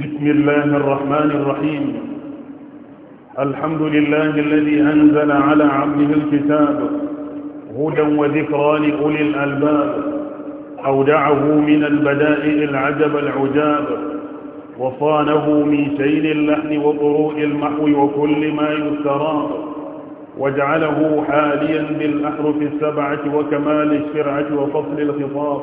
بسم الله الرحمن الرحيم الحمد لله الذي أنزل على عبده الكتاب هدى وذكرى لأولي الألباب أودعه من البدائل العجب العجاب وصانه من شين اللحن وطروء المحو وكل ما يستراب وجعله حاليا بالأحرف السبعة وكمال الشرعة وفصل الخطاب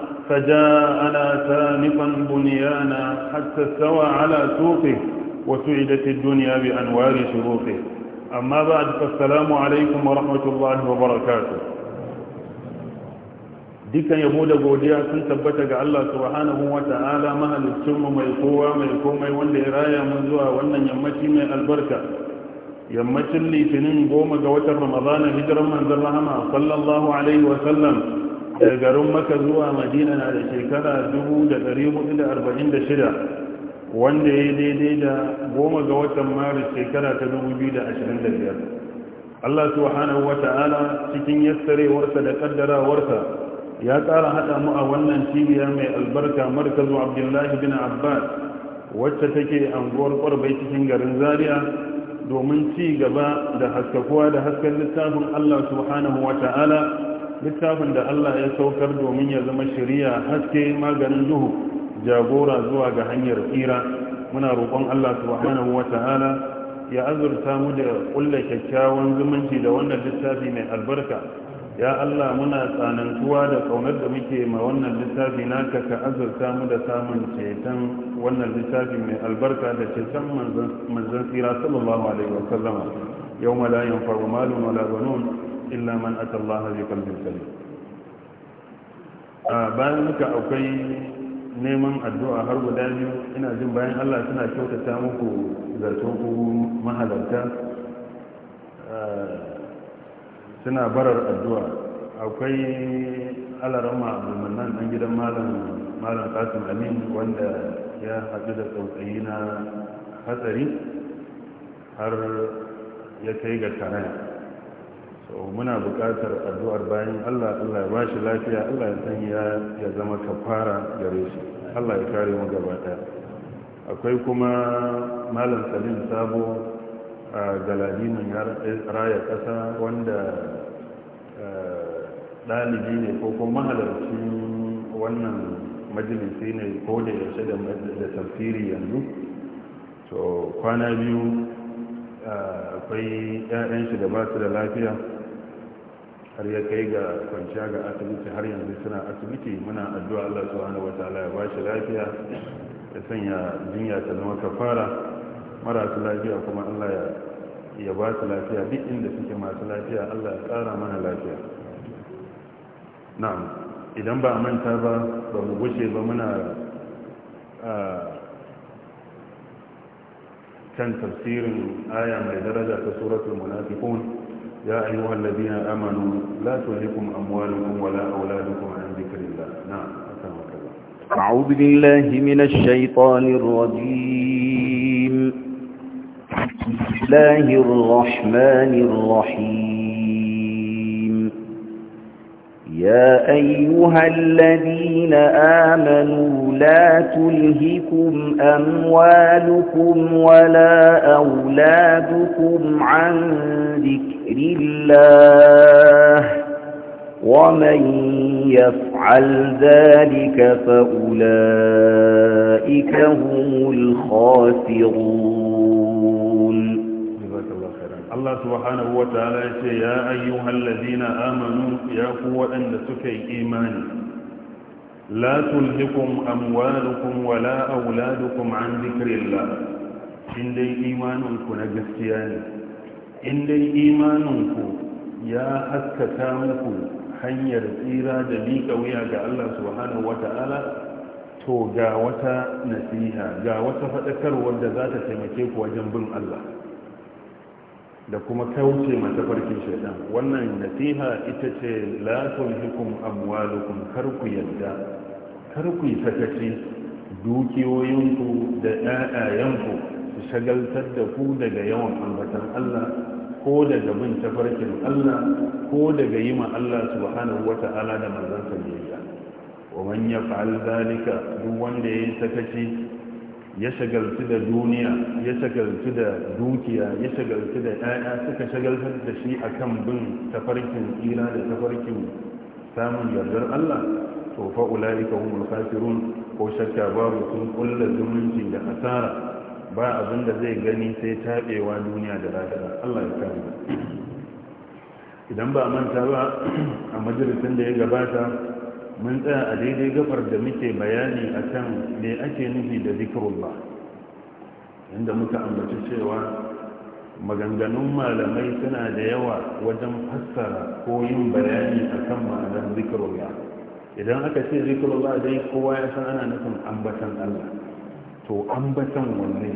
فجاءنا سانقا بنيانا حتى استوى على سوقه وسعدت الدنيا بأنوار شروقه أما بعد فالسلام عليكم ورحمة الله وبركاته ديكا يبود بوديا سنت بتك الله سبحانه وتعالى مها للشم ميقوة ميقوة ميقوة والإراية منذها وأن يمشي من البركة يمشي اللي سنين قومك وتر رمضان هجر من ذرهما صلى الله عليه وسلم daga garin maka zuwa madina na da shekara 1446 wanda ya daidai da goma ga watan maris shekara ta 2025 allah subhanahu wa ta'ala cikin yassarewarsa da kaddarawarsa ya tsara haɗa mu a wannan cibiya mai albarka markazu abdullahi bin abbas wacce take anguwar kwarbai cikin garin zaria domin ci gaba da haskakuwa da hasken littafin allah subhanahu wa ta'ala littafin da Allah ya saukar domin ya zama shari'a haske maganin duhu jagora zuwa ga hanyar tsira muna roƙon Allah subhanahu wata'ala ya azurta mu da kulla kyakkyawan zumunci da wannan littafi mai albarka ya Allah muna tsanantuwa da kaunar da muke ma wannan littafi naka ka azurta mu da samun ceton wannan littafi mai albarka da ceton manzon tsira sallallahu alaihi wa sallama yau la yanfa'u malun wala banun illa man ata Allah bi qalbin salim a ah, bayan muka akwai neman addu'a har guda biyu ina jin bayan Allah suna kyautata muku zato ku mahalarta ah, suna barar addu'a akwai alarama abdulmanan ɗan gidan malam kasim amin wanda ya haɗu da tsautsayi na hatsari har ya kai ga taraya muna buƙatar addu'ar bayan Allah Allah ya ba shi lafiya Allah ya sanya ya zama kafara gare shi Allah ya kare mu gaba ɗaya akwai kuma malam salim sabo a galadinin raya ƙasa wanda ɗalibi ne ko kuma mahalarci wannan majalisi ne ko da yaushe da tafsiri yanzu to kwana biyu akwai 'ya'yan shi da ba su da lafiya har ya kai ga kwanciya ga asibiti har yanzu suna asibiti muna addu'a Allah subhanahu wataala ya ba shi lafiya ya sanya jinya ta zama kafara marasu lafiya kuma Allah ya ba su lafiya duk inda suke masu lafiya Allah ya tsara mana lafiya na'am idan ba manta ba ba mu gushe ba muna a kan tafsirin aya mai daraja ta suratul munafiqun يا أيها الذين آمنوا لا تلهكم أموالكم ولا أولادكم عن ذكر الله نعم أسامك الله أعوذ بالله من الشيطان الرجيم بسم الله الرحمن الرحيم يا أيها الذين آمنوا لا تلهكم أموالكم ولا أولادكم عن ذكر ذكر الله ومن يفعل ذلك فأولئك هم الخاسرون الله سبحانه وتعالى يا أيها الذين آمنوا يا قوة أن تكي إيمان لا تلهكم أموالكم ولا أولادكم عن ذكر الله إن دي إيمانكم نجسياني in dai imaninku ya haskaka muku hanyar tsira da liƙa wuya ga Allah subhanahu wata'ala to ga wata nasiha ga wata faɗakarwar da za ta taimake ku wajen bin Allah da kuma kauce mata farkin shaidan wannan nasiha ita ce la hukum amwalukum kar ku yadda kar yi sakaci dukiyoyinku da ƴaƴayenku shagaltar da ku daga yawan ambatan Allah ko daga min tafarkin Allah ko daga yi ma Allah subhanahu wa ta'ala da manzansa biyayya wa man yaf'al zalika duk wanda yayi sakaci ya shagaltu da duniya ya shagaltu da dukiya ya shagaltu da 'ya'ya suka shagaltar da shi akan bin tafarkin tsira da tafarkin samun yardar Allah to fa ulaika humul kafirun ko shakka babu sun kullu zumunci da asara ba abin da zai gani sai taɓewa duniya da lafiya allah ya kare idan ba manta ba a majalisun da ya gabata mun tsaya a daidai gabar da muke bayani a kan me ake nufi da zikirullah inda muka ambaci cewa maganganun malamai suna da yawa wajen fassara ko yin bayani a kan ma'anar zikirullah idan aka ce zikirullah dai kowa ya san ana nufin ambatan allah to ambatan wanne,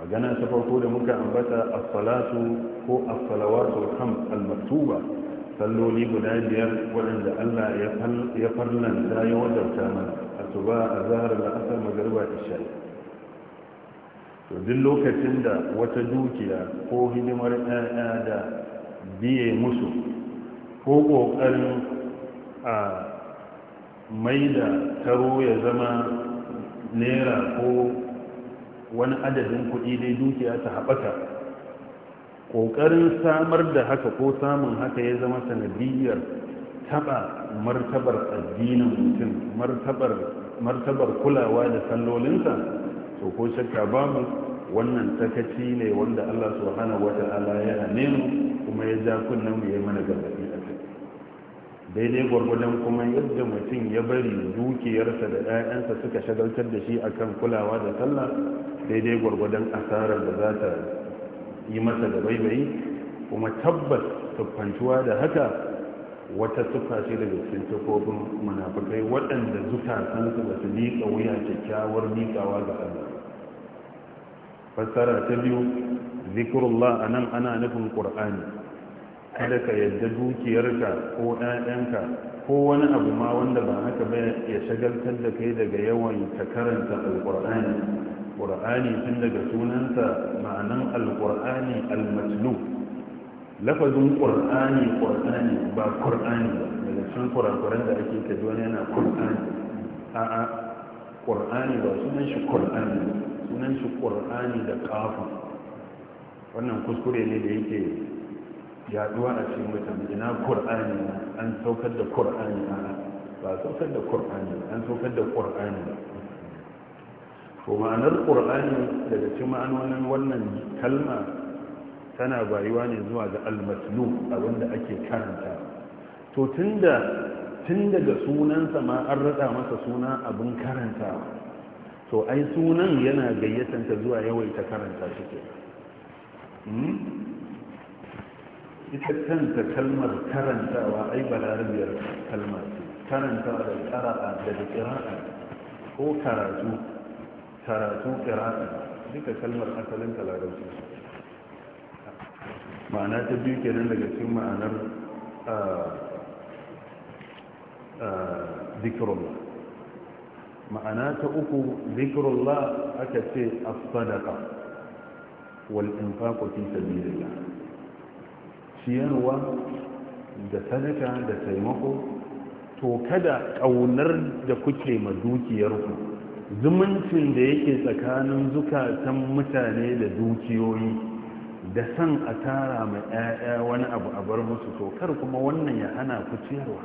magana ta farko da muka ambata a salatu ko as-salawatu al-maktuba salloli guda biyar waɗanda Allah ya farlanta ya wajarta mana asuba a zahar asr magriba isha to duk lokacin da wata dukiya ko hidimar ɗaya da biye musu ko ƙoƙarin a maida taro ya zama naira ko wani adadin kuɗi dai dukiya ta haɓaka ƙoƙarin samar da haka ko samun haka ya zama sanadiyyar taɓa martabar addinin mutum martabar kulawa da sallolinsa to ko shakka babu wannan takaci ne wanda allah su wata ala ya hane mu kuma ya ja kunnen mu ya mana gabaɗi daidai gwargwadon kuma yadda mutum ya bari dukiyarsa da 'ya'yansa suka shagaltar da shi akan kulawa da sallah daidai gwargwadon asarar da za ta yi masa da baibayi kuma tabbas tuffantuwa da haka wata tuffa ce daga cikin tufofin munafukai waɗanda zukatansu ba su liƙa wuya kyakkyawar liƙawa ga allah fassara ta biyu zikirullah a nan ana nufin ƙur'ani kada ka yadda dukiyarka ko ɗayanka ko wani abu ma wanda ba haka ba ya shagaltar da kai daga yawan ka karanta alƙur'ani ƙur'ani tun daga sunansa ma'anan alƙur'ani almatlu lafazin ƙur'ani ƙur'ani ba ƙur'ani ba daga cikin kurakuran da ake ka wani yana ƙur'ani a'a ƙur'ani ba sunan shi ƙur'ani sunan shi ƙur'ani da ƙafa wannan kuskure ne da yake yaduwa a cikin mutane ina qur'ani an saukar da qur'ani ba saukar da qur'ani an saukar da ƙur'ani to ma'anar ƙur'ani daga cikin ma'anonin wannan kalma tana bayuwa ne zuwa ga almatlu a abinda ake karanta to tunda tun daga sunansa ma an rada masa suna abin karanta, to ai sunan yana gayyatanta zuwa yawaita karanta shi ke ita kanta kalmar karantawa ai balarabiyar kalmar ce karantawa da ƙara'a da da ƙira'a ko karatu karatu ƙira'a duka kalmar asalin talarabci ma'ana ta biyu kenan daga cikin ma'anar zikirullah ma'ana ta uku zikirullah aka ce as-sadaqa wal infaqu fi sabilillah ciyarwa da sadaka da taimako to kada ƙaunar da kuke ma dukiyarku zumuncin da yake tsakanin zukatan mutane da dukiyoyi da san a tara mai 'ya'ya wani abu a bar musu to kar kuma wannan ya hana ku ciyarwa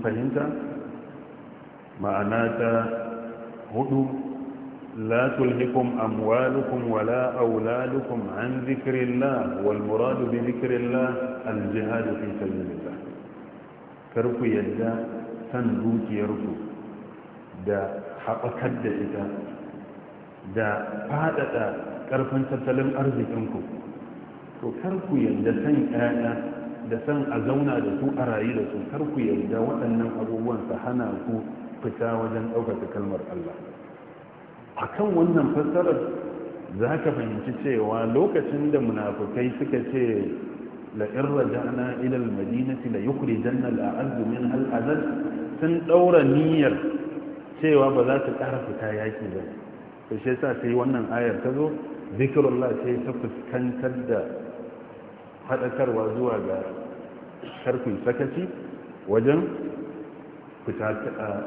fahimta ma'ana ta hudu لا تلهكم أموالكم ولا أولادكم عن ذكر الله والمراد بذكر الله الجهاد في سبيل الله كركو يدا سندوك يركو دا حقكد إتا دا فادتا كرفن تتلم أرزقنكم to karku yadda san ƴaƴa da san a zauna da su a rayu da su karku yadda waɗannan abubuwan su hana ku fita wajen ɗaukaka kalmar Allah a kan wannan fassarar za ka fahimci cewa lokacin da munafukai suka ce la'in raja'ana ilal madinati la yukri jannal a'azzu min al'azal sun ɗaura niyyar cewa ba za su ƙara fita yaƙi ba to shi ta sai wannan ayar ta zo zikirullah ce ta fuskantar da haɗakarwa zuwa ga karfin sakaci wajen fita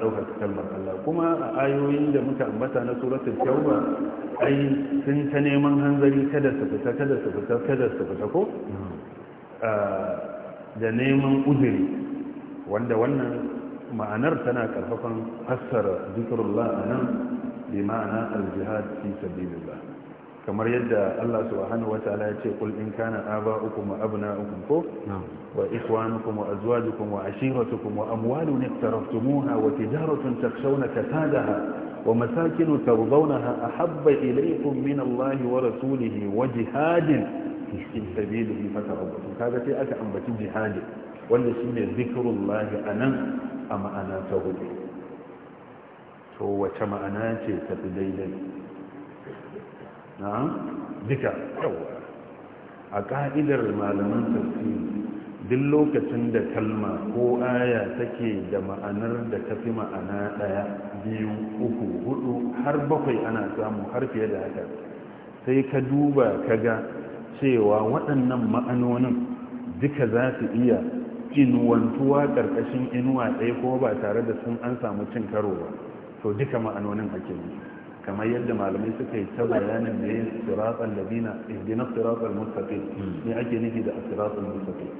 ɗaukar kalmar Allah kuma a ayoyin da muka ambata na suratul tauba ai sun ta neman hanzari kada su fita kada su fita kada su fita ko da neman uzuri wanda wannan ma'anar tana karfafan fassara zikrullah anan bi ma'ana al-jihad fi sabilillah kamar yadda Allah subhanahu wataala ya ce kul in kana aba'ukum wa abna'ukum ko wa ikhwanukum wa azwajukum wa ashiratukum wa amwalun iqtaraftumuha wa tijaratun takshawna kasadaha wa masakin tardawnaha ahabba ilaykum min Allah wa rasulihi wa jihadin fi sabilihi fatarabbasu kaga sai aka ambaci jihadi wanda shine zikrullah anan a ma'ana ta hudu to wace ma'ana ce ta daidai duka yawa a ƙa'idar malaman tafsiri duk lokacin da kalma ko aya take da ma'anar da ta fi ma'ana ɗaya biyu uku hudu har bakwai ana samu har fiye da haka sai ka duba ka ga cewa waɗannan ma'anonin duka za su iya inuwantuwa ƙarƙashin inuwa ɗaya ko ba tare da sun an samu cin karo ba to duka ma'anonin ake yi كما يجد معلمي سكي تبعان من صراط الذين اهدنا الصراط المستقيم نعجي نهي ده الصراط المستقيم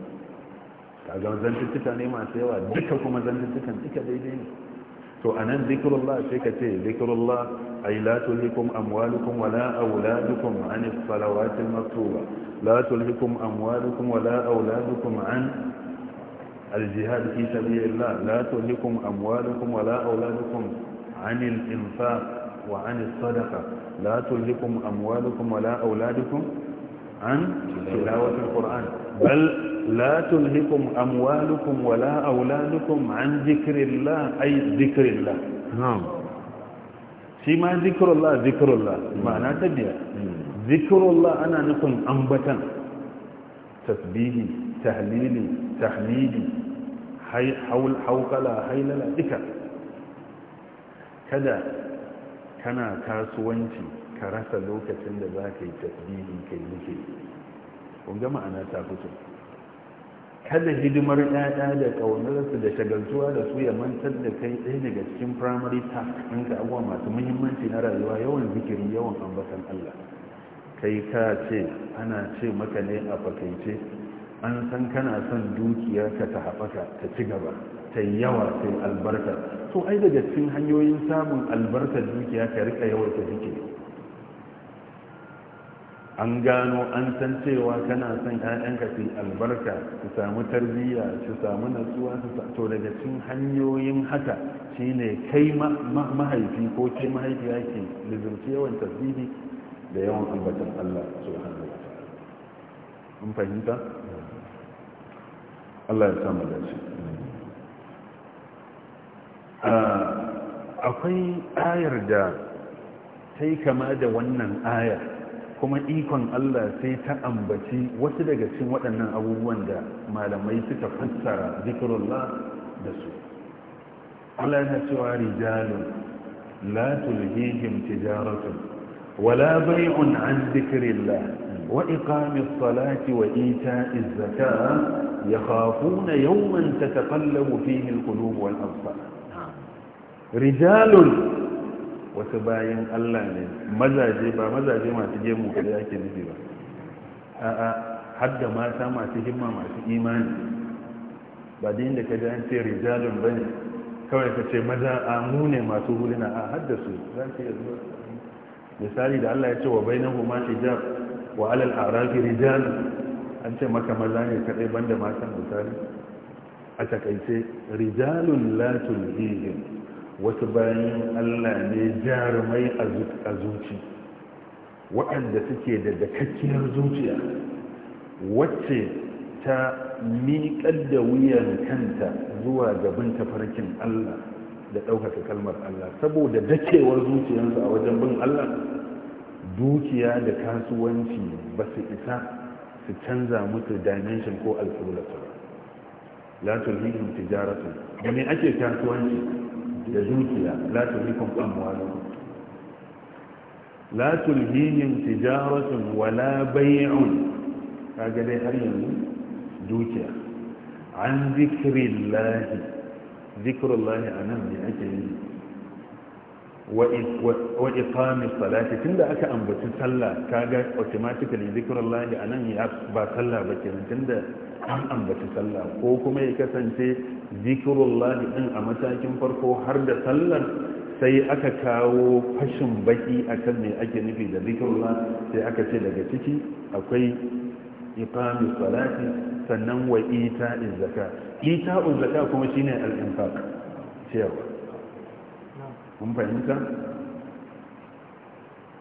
كاجا مزان تتكا نيمة سيوا دكاكو مزان تتكا نتكا ديدين تو أنا ذكر الله شكا تي ذكر الله أي لا تلهكم أموالكم ولا أولادكم عن الصلوات المطلوبة لا تلهكم أموالكم ولا أولادكم عن الجهاد في سبيل الله لا تلهكم أموالكم ولا أولادكم عن الإنفاق وعن الصدقة لا تلهكم أموالكم ولا أولادكم عن تلاوة القرآن بل لا تلهكم أموالكم ولا أولادكم عن ذكر الله أي ذكر الله نعم شما ذكر الله ذكر الله معنى تبيع ذكر الله أنا نقول أنبتا تسبيحي تهليلي تحميدي حول حوقلا حيللا ذكر كذا kana kasuwanci ka rasa lokacin da za ka yi tasbihi ka yi nufi kun ga ma'ana ta fito kada hidimar ɗaya da ƙaunarsu da shagaltuwa da su ya mantar da kai ɗaya daga cikin primary task ka abuwa masu muhimmanci na rayuwa yawan zikiri yawan ambatan allah kai ka ce ana ce maka ne a fakaice an san kana son dukiyarka ta haɓaka ta ci gaba ta yawa sai albarka to ai daga cikin hanyoyin samun albarkar dukiya ka rika yawaita jike an gano an san cewa kana son 'ya'yanka su albarka su samu tarbiyya su samu natsuwa su to daga cikin hanyoyin haka shine kai mahaifi ko kai mahaifi ke lizurci yawan tasiri da yawan ambatan Allah su hannu ta'ala mun fahimta Allah ya samu dace Ah, akwai ayar da sai kama da wannan ayar kuma ikon Allah sai ta ambaci wasu daga cikin waɗannan abubuwan da malamai suka fassara zikirullah da su Allah yana cewa rijalun la tulhihim tijaratun wala bai'un an zikrillah wa الصلاة وإيتاء الزكاة يخافون يوما تتقلب فيه القلوب والأبصار rijalun wasu bayan allah ne mazaje ba mazaje masu gemu kada yake nufi ba a'a har da mata masu himma masu imani ba da inda ka an ce rijalun ba ne kawai ka ce maza a mu masu hulina a su za ki yanzu misali da allah ya ce wa na huma hijab wa alal arafi rijalun an ce maka maza ne kaɗai banda matan misali a takaice rijalun latul hijab wasu bayan allah ne jarumai a zuci waɗanda suke da dakakkiyar zuciya wacce ta miƙar da wuyan kanta zuwa gabin tafarkin allah da ɗaukaka kalmar allah saboda dakewar zuciyarsu a wajen bin allah dukiya da kasuwanci ba su isa su canza musu dimension ko alƙulatsu ba la tijaratu da me ake kasuwanci da dukiya la tulhikum amwalukum la tulhihim tijaratun wala bay'un kaga dai har yanzu dukiya an zikrillahi zikrullahi anan ne ake yi wa iqami salati tunda aka ambaci sallah kaga automatically zikrullahi anan ya ba sallah ba kenan tunda an ambaci sallah ko kuma ya kasance zikirullahi din a matakin farko har da sallar sai aka kawo fashin baki akan mai ake nufi da zikirullah sai aka ce daga ciki akwai iqamis salati sannan wa ita'iz zakat ita'uz zakat kuma shine al-infaq cewa mun fahimta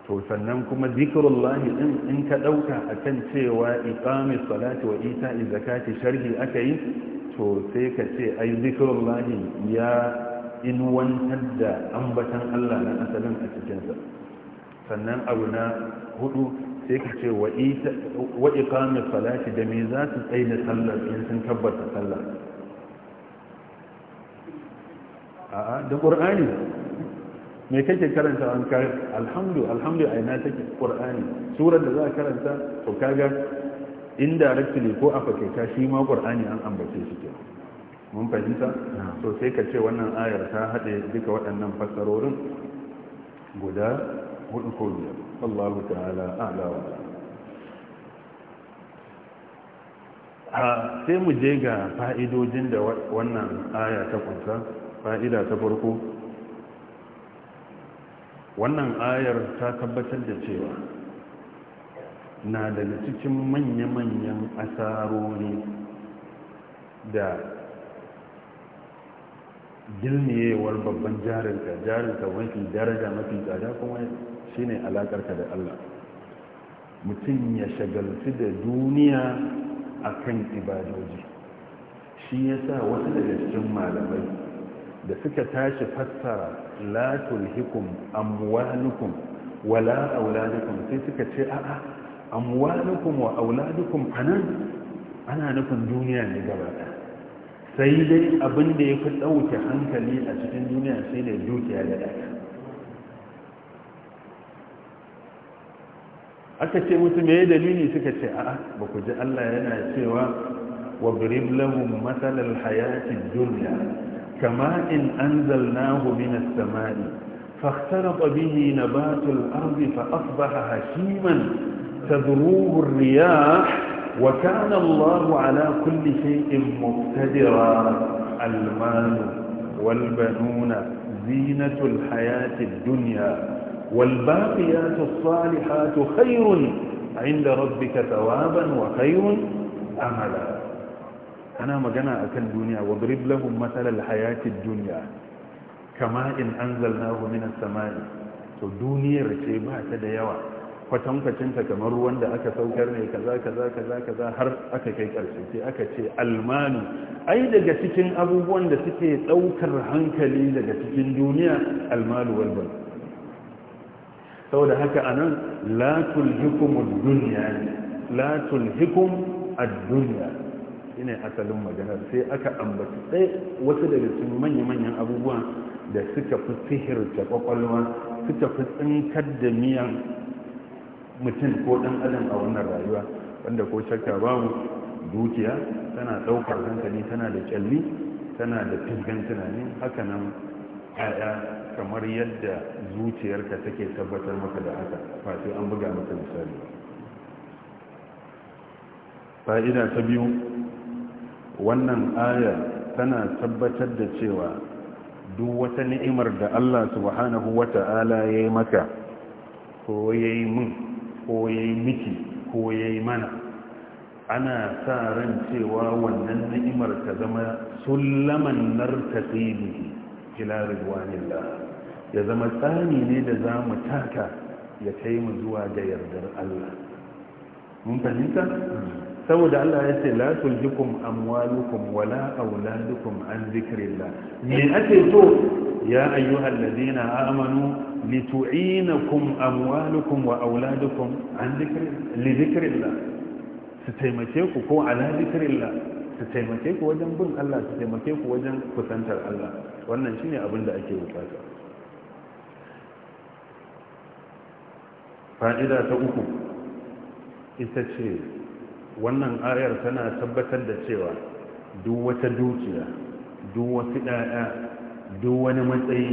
to sannan kuma zikirullahi din in ka dauka akan cewa iqami salati wa ita'i zakati sharhi yi, to sai ka ce ai zikirullahi ya inuwantar da ambatan Allah na asalin a cikinsa. sannan abu na hudu sai ka ce wa iqami salati da me za su tsaye da sallar in sun tabbata sallar a'a da qur'ani me kake karanta an kai alhamdu alhamdu a ina take qur'ani surar da za karanta to kaga indirectly ko a ta shi ma qur'ani an ambace shi ke mun fahimta to sai ka ce wannan ayar ta hade duka waɗannan fassarorin guda hudu ko biyar Allahu ta'ala a'la wa sai mu je ga fa'idojin da wannan aya ta kunsa fa'ida ta farko wannan ayar ta tabbatar da cewa na daga cikin manya-manyan asarori da gilmiyewar babban jarinka jarinka wani daraja mafi tsada kuma shi ne alakarka da allah mutum ya shagalci da duniya a kan ibadoji shi ya sa wasu daga cikin malamai da suka tashi fassara la tulhikum amwalukum wala auladukum sai suka ce a'a amwalukum wa auladukum anan ana nufin duniya ne gaba sai dai abin da ya fi ɗauke hankali a cikin duniya sai da dukiya da ɗaya aka ce musu me dalili suka ce a'a ba ku ji Allah yana cewa wa lahum matsalar hayatid duniya كماء أنزلناه من السماء فاختلط به نبات الأرض فأصبح هشيما تذروه الرياح وكان الله على كل شيء مقتدرا المال والبنون زينة الحياة الدنيا والباقيات الصالحات خير عند ربك ثوابا وخير أملا ana magana akan duniya wa drib lahum matsalar hayatid duniya? kama in anzalnahu minas samai to duniyar ce ba ta da yawa kwatankwacin kamar ruwan da aka saukar ne kaza kaza kaza kaza har aka kai karshe sai aka ce almanu ai daga cikin abubuwan da suke daukar hankali daga cikin duniya almalu wal saboda haka anan la tulhikum ad-dunya la tulhikum ad-dunya shine asalin magana sai aka ambaci tsaye wasu daga cikin manya-manyan abubuwa da suka fi ta kwakwalwa suka fi tsinkar da miyan mutum ko dan adam a wannan rayuwa wanda ko shakka babu dukiya tana ɗaukar hankali tana da kyalli tana da fiskan tunani haka nan ya'ya kamar yadda zuciyarka take tabbatar maka da haka ba sai an buga maka misali fa'ida ta biyu wannan ayar tana tabbatar da cewa duk wata ni'imar da Allah subhanahu Ta'ala ya yi maka ko ya yi mun, ko ya yi miki ko ya yi mana ana sa ran cewa wannan ni'imar ta zama sullaman nartasibi ila ridwanillah ya zama tsani ne da za mu taka ya kai mu zuwa ga yardar Allah mun fahimta saboda Allah ya ce la tuljikum amwalukum wala auladukum an zikrillah me ake to ya ayyuhal ladina amanu litu'inakum amwalukum wa auladukum an zikrillah su taimake ku ko ala zikrillah su taimake ku wajen bin Allah su taimake ku wajen kusantar Allah wannan shine abin da ake bukata fa'ida ta uku ita ce wannan ayar tana tabbatar da cewa duk wata dukiya duk wasu ɗaya duk wani matsayi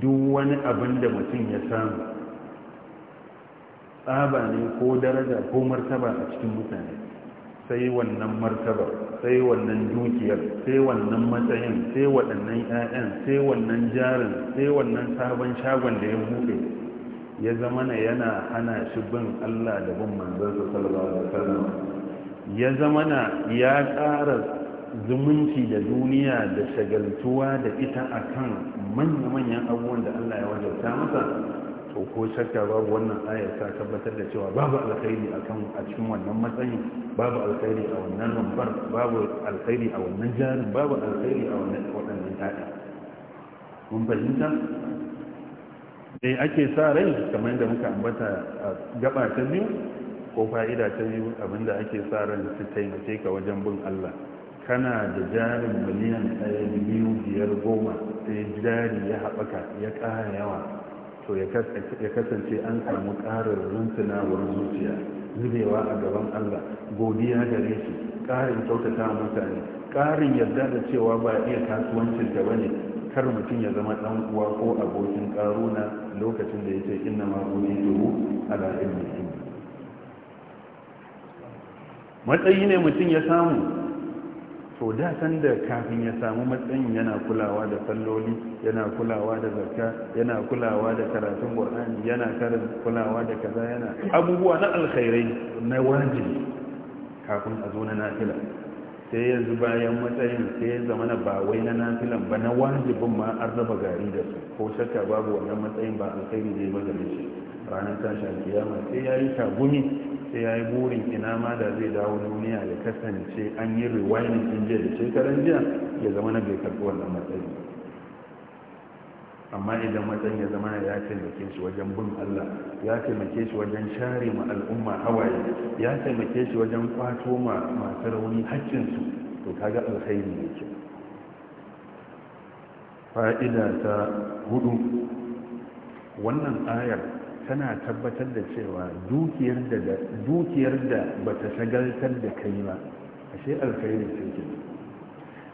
duk wani abin da mutum ya samu tsaba ne ko daraja ko martaba a cikin mutane sai wannan martaba sai wannan dukiyar sai wannan matsayin sai waɗannan 'ya'yan sai wannan jarin sai wannan sabon shagon da ya buɗe ya zama na yana hana shi bin Allah da bin manzansa sallallahu alaihi wasallam ya zama na ya ƙara zumunci da duniya da shagaltuwa da ita akan manya-manyan abubuwan da Allah ya wajabta masa to ko shakka babu wannan ayar ta tabbatar da cewa babu alkhairi akan a cikin wannan matsayin babu alkhairi a wannan rumbar babu alkhairi a wannan jarin babu alkhairi a wannan waɗannan taɗi mun fahimta dai ake sa rai kamar yadda muka ambata a gaba ta biyu ko fa'ida ta biyu abinda ake sa ran su taimake ka wajen bin Allah kana da jarin miliyan ɗaya biyu biyar goma sai jari ya haɓaka ya ƙara yawa to ya kasance an samu ƙarar runtunawar zuciya zubewa a gaban allah godiya da shi ƙarin kyautata mutane ƙarin yarda da cewa ba iya kasuwancin ta bane kar mutum ya zama dan uwa ko abokin karuna lokacin da yake inna ma uridu ala ilmi matsayi ne mutum ya samu to da san da kafin ya samu matsayin yana kulawa da salloli yana kulawa da zakka yana kulawa da karatun qur'ani yana karin kulawa da kaza yana abubuwa na alkhairai na wajibi kafin a zo na nafila sai yanzu bayan matsayin sai ya zama ba wai na nafilan ba na wajibin ma an raba gari da su ko shakka babu wannan matsayin ba a kai ne ba gare shi ranar tashin kiyama sai ya yi tagumi sai ya yi burin ina ma da zai dawo duniya ya kasance an yi rewinding in jiya da shekaran jiya ya zama na bai karɓi wannan matsayin amma idan mutum ya zama ya taimake shi wajen bin Allah ya taimake shi wajen share ma al'umma hawaye ya taimake shi wajen kwato ma masu rauni haƙƙinsu to kaga alkhairi ne ke fa'ida ta hudu wannan ayar tana tabbatar da cewa dukiyar da dukiyar da bata shagaltar da kai ba ashe alkhairi ce ke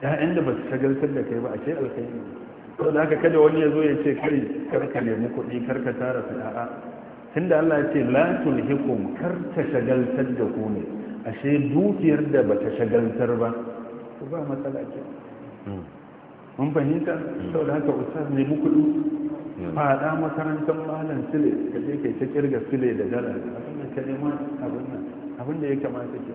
ya'yan da bata shagaltar da kai ba ashe alkhairi ne to da haka kada wani ya zo ya ce kai karka nemi kuɗi karka tara su a'a tunda Allah ya ce la tulhikum kar ta shagaltar da ku ne ashe dukiyar da bata shagaltar ba to ba matsala ce hmm. mun fahimta hmm. sau da haka ustaz ne mu kudu hmm. fada makarantar malam sile ka je kai ta kirga sile da dala abin da ka nema abin nan abin da ya kamata ke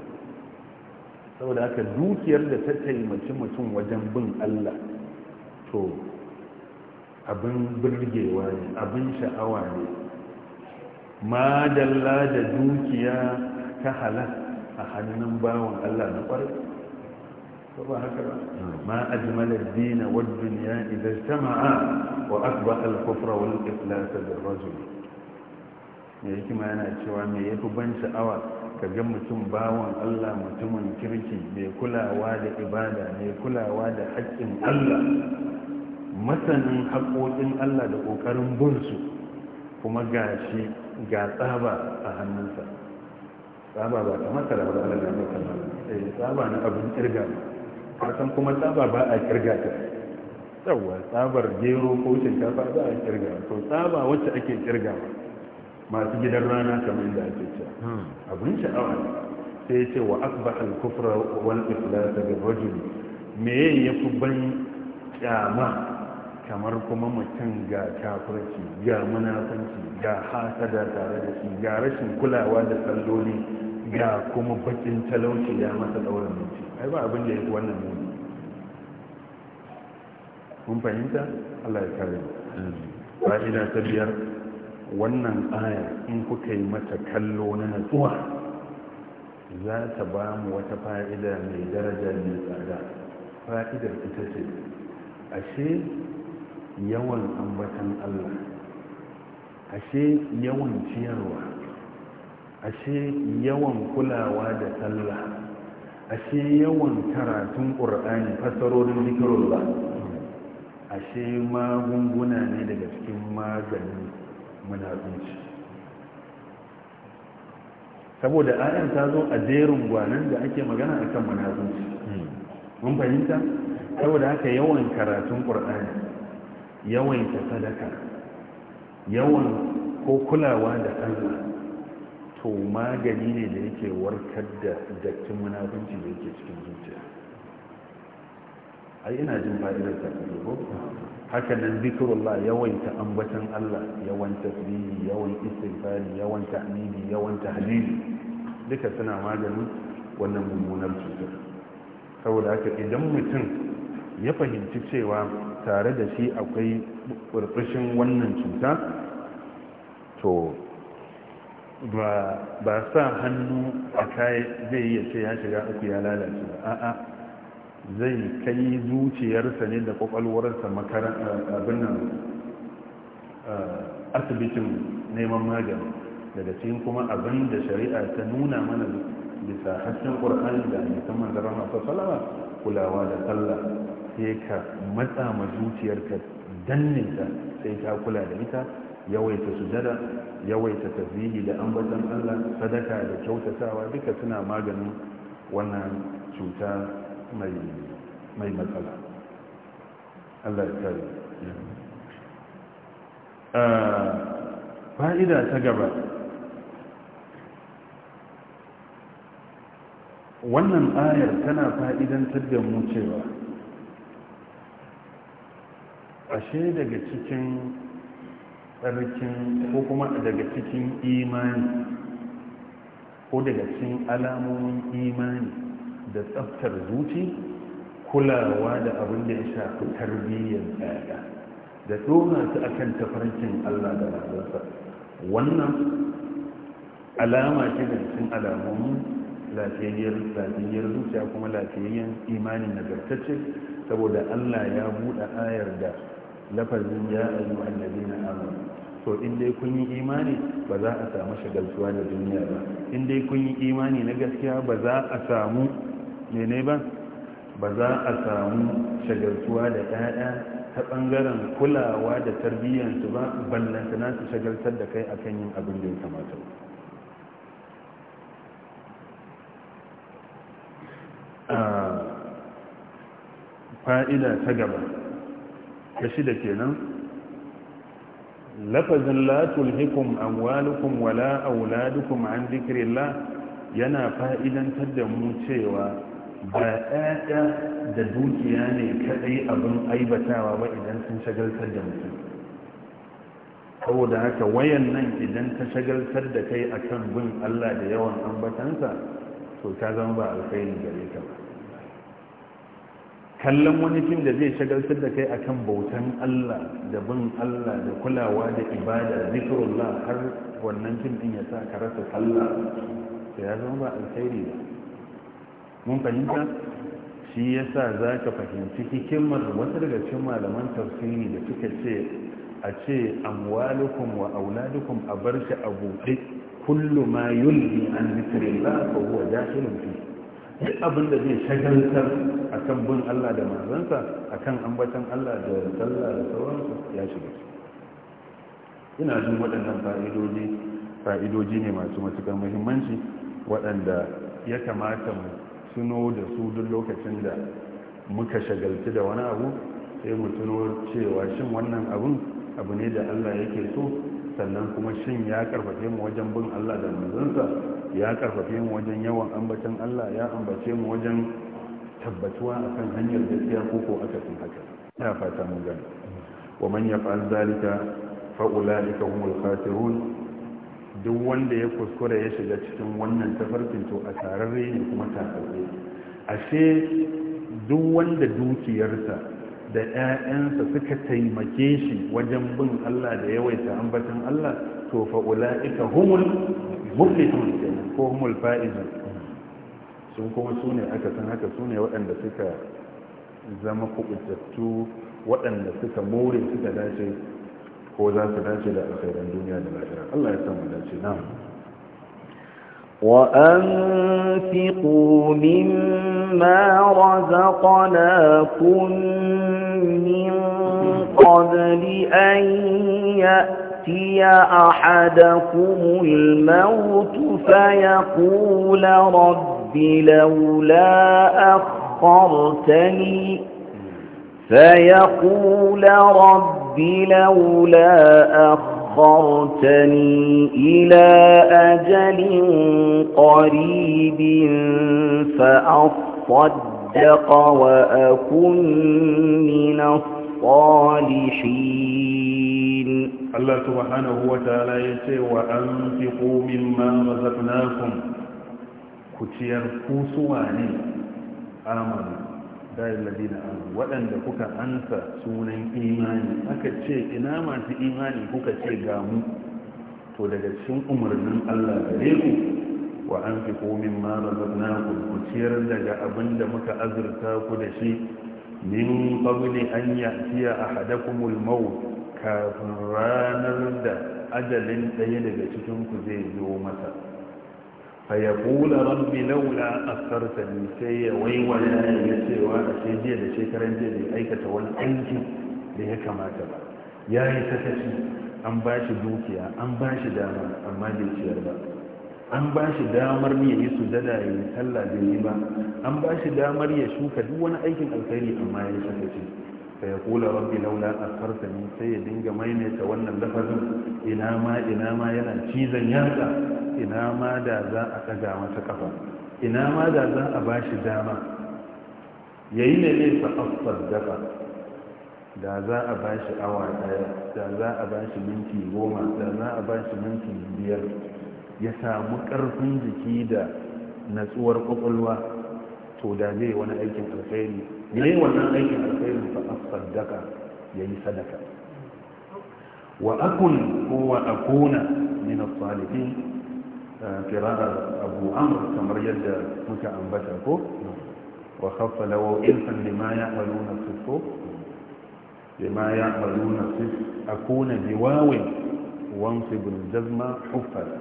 saboda haka dukiyar da ta taimaci mutum wajen bin Allah to abin birgewa ne abin sha'awa ne ma dalla da dukiya ta halar a hannun bawan allah na kwarai ba haka ba ma ajmalar dina wa duniya idan jama'a wa akba al-kufra wal ikhlasa da rajul me ma yana cewa me yafi ban sha'awa ka ga mutum bawan Allah mutumin kirki mai kulawa da ibada mai kulawa da haƙƙin Allah masanin haƙoƙin Allah da ƙoƙarin bunsu kuma ga shi ga tsaba a hannunsa tsaba ba ta masara ba ala da mutum tsaba na abin kirga kasan kuma tsaba ba a kirga ta tsawa tsabar gero ko shinkafa ba a kirga to tsaba wacce ake kirga masu gidan rana kamar da ake ce hmm. abin sha'awa sai ce wa asbaha al-kufra wal iflas bi rajul me yafi ban kyama kamar kuma mutum ga kafirci ga munafanci ga hasada tare da shi ga rashin kulawa da salloli ga kuma bakin talauci ya masa ɗaurin minti. ai ba abin da ya fi wannan muni kun fahimta allah ya kare fa'ida ta biyar wannan aya in kuka yi mata kallo na natsuwa za ta ba mu wata fa'ida mai daraja mai tsada fa'idar ita ce ashe yawan ambatan allah ashe yawan ciyarwa ashe yawan kulawa da sallah ashe yawan karatun ƙur'ani fasarorin zikirullah ashe magunguna ne daga cikin maganin munafunci saboda ayan ta zo a jerin gwanan da ake magana akan munafunci hmm. mun fahimta saboda haka yawan karatun ƙur'ani Yawanta sadaka yawan ko kulawa da allah to magani ne da yake warkar da dattin munafunci da yake cikin zuciya ai ina jin fa'idar ta ko haka nan zikrullah yawanta ambatan Allah yawan tasbihi yawan istighfari yawan amini yawan halili duka suna maganin wannan mummunar cutar saboda haka idan mutum ya fahimci cewa tare da shi akwai burbushin wannan cuta to ba sa hannu a kai zai iya ce ya shiga uku ya lalace ba a'a zai kai zuciyarsa ne da kwakwalwarsa makaran abin nan asibitin neman magani daga cikin kuma abin da shari'a ta nuna mana bisa hasken ƙur'ani da hannun manzara masu salama kulawa da sallah sai ka matsa ma zuciyarka danne sai ka kula da ita yawaita sujada yawaita tasbihi da ambatan Allah sadaka da kyautatawa duka suna maganin wannan cuta mai matsala Allah ya kare ah, fa'ida ta gaba wannan ayar tana fa'idantar da mu cewa ashe daga cikin tsarkin ko kuma daga cikin imani ko daga cikin alamomin imani da tsaftar zuci kulawa da abin da ya shafi tarbiyyar ɗaya da tsohon su a kan tafarkin allah da rayuwarsa wannan alama ce da cikin alamomin lafiyayyar zuciya kuma lafiyayyar imanin nagartacce saboda allah ya buɗe ayar da lafazin ya ayyuhu alladheena amanu to in dai kun yi imani ba za a samu shagaltuwa da duniya ba in dai kun yi imani na gaskiya ba za a samu ne ba ba za a samu shagaltuwa da ƴaƴa ta bangaren kulawa da tarbiyyarsu ba ballantana su shagaltar da kai akan yin abin da ya kamata ah, fa'ida ta gaba ta shida kenan lafazin la tulhikum amwalukum wala auladukum an dhikrillah yana fa'idantar da mu cewa ba 'ya'ya da dukiya ne kadai abin aibatawa ba idan sun shagaltar da mutum saboda haka wayan nan idan ta shagaltar da kai akan bin Allah da yawan ambatansa to ta zama ba alkhairi gare ka ba kallon wani fim da zai shagaltar da kai akan bautan Allah da bin Allah da kulawa da ibada zikrullah har wannan fim din ya sa ka rasa kalla. to ya zama ba alkhairi ba mun fahimta shi ya sa za ka fahimci hikimar wasu daga cikin malaman tafsiri da suka ce a ce amwalukum wa auladukum a bar shi a buɗe kullu ma yulhi an ko huwa dakhilun fi duk abin da zai shagaltar a kan bin Allah da mazansa a kan ambatan Allah da sallah da sauransu ya shiga ina jin waɗannan fa'idoji fa'idoji ne masu matuƙar muhimmanci waɗanda ya kamata mu tuno da su duk lokacin da muka shagalci da wani abu sai mu tuno cewa shin wannan abun abu ne da Allah yake so sannan kuma shin ya karfafe mu wajen bin Allah da mazansa ya karfafe mu wajen yawan ambacin Allah ya ambace mu wajen tabbatuwa akan hanyar gaskiya ko ko aka sun haka Ya fata mun gani wa man yaf'al zalika fa ulaika humul khasirun duk wanda ya kuskura ya shiga cikin wannan tafarkin to a tararre ne kuma tafarre ashe duk wanda dukiyarsa da 'ya'yansa suka taimake shi wajen bin Allah da yawaita ambatan Allah to fa'ula'ika humul muflihun ko humul fa'izun sun kuma su ne aka san haka su ne waɗanda suka zama kubutattu waɗanda suka more suka dace ko za su dace da alkhairan duniya da lafiya Allah ya samu dace na وأنفقوا مما رزقناكم من قبل أن يأتي يأتي أحدكم الموت فيقول رب لولا أخرتني فيقول رب لولا أخرتني إلى أجل قريب فأصدق وأكن من الصالحين Allah subhanahu wa ta'ala ya ce wa an fi komin ma razaqnakum ku ciyar ku suwa ne amanu dai ladina amanu waɗanda kuka ansa sunan imani aka ce ina masu imani kuka ce ga mu to daga cikin umarnin Allah gare ku wa an fi komin ma razaqnakum ku ciyar daga abin da muka azurta ku da shi min qabli an ya'tiya ahadakumul maut kafin ranar da ajalin ɗaya daga cikinku zai zo masa faya kula rabbi laula ne, sai ya waiwaya ya cewa a ce jiya da shekaran jiya bai aikata wani aiki da ya kamata ba ya yi sakaci an ba shi dukiya an ba shi dama amma bai ciyar ba an ba shi damar ya yi sujada ya yi sallah bai yi ba an ba shi damar ya shuka duk wani aikin alkhairi amma ya yi sakaci fa yaqulu rabbi laula akhartani sai ya dinga maimaita wannan lafazin ina ma ina ma yana cizon yatsa ina ma da za a daga mata kafa ina ma da za a bashi dama yayi ne ne fa afsaddaka da za a bashi awa daya da za a bashi minti goma da za a bashi minti biyar ya samu karfin jiki da natsuwar kwakwalwa to da zai wani aikin alkhairi yayi wannan aikin alkhairin fa ya yi sadaka wa akun ko wa akuna min na salihin qira'ar eh, abu amr kamar yadda muka ambata ko wa khaffa law ilfan lima ya'maluna sifu lima ya'maluna sif akuna biwawin wansib al-jazma huffaz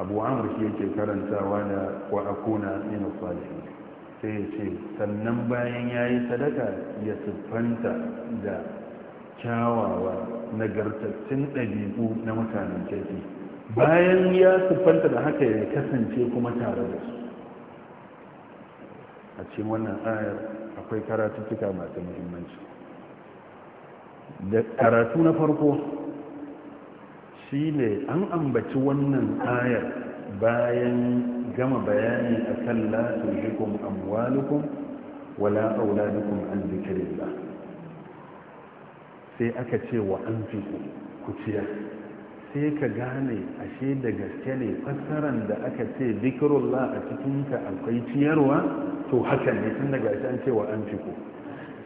abu amr shi yake karantawa da wa akuna min na salihin sai ce sannan bayan ya yi sadaka ya siffanta da kyawawa nagartattun ɗabi'u na mutanen kirki bayan ya siffanta da haka ya kasance kuma tare da su a cikin wannan ayar akwai karatuttuka masu muhimmanci da karatu na farko shi ne an ambaci wannan ayar bayan gama bayani a kan latuhikum amwalukum wala auladukum an zikirillah sai aka ce wa an ku ciyar sai ka gane ashe da gaske ne fassaran da aka ce zikirullah a cikinka akwai ciyarwa to haka ne tun daga shi an ce wa an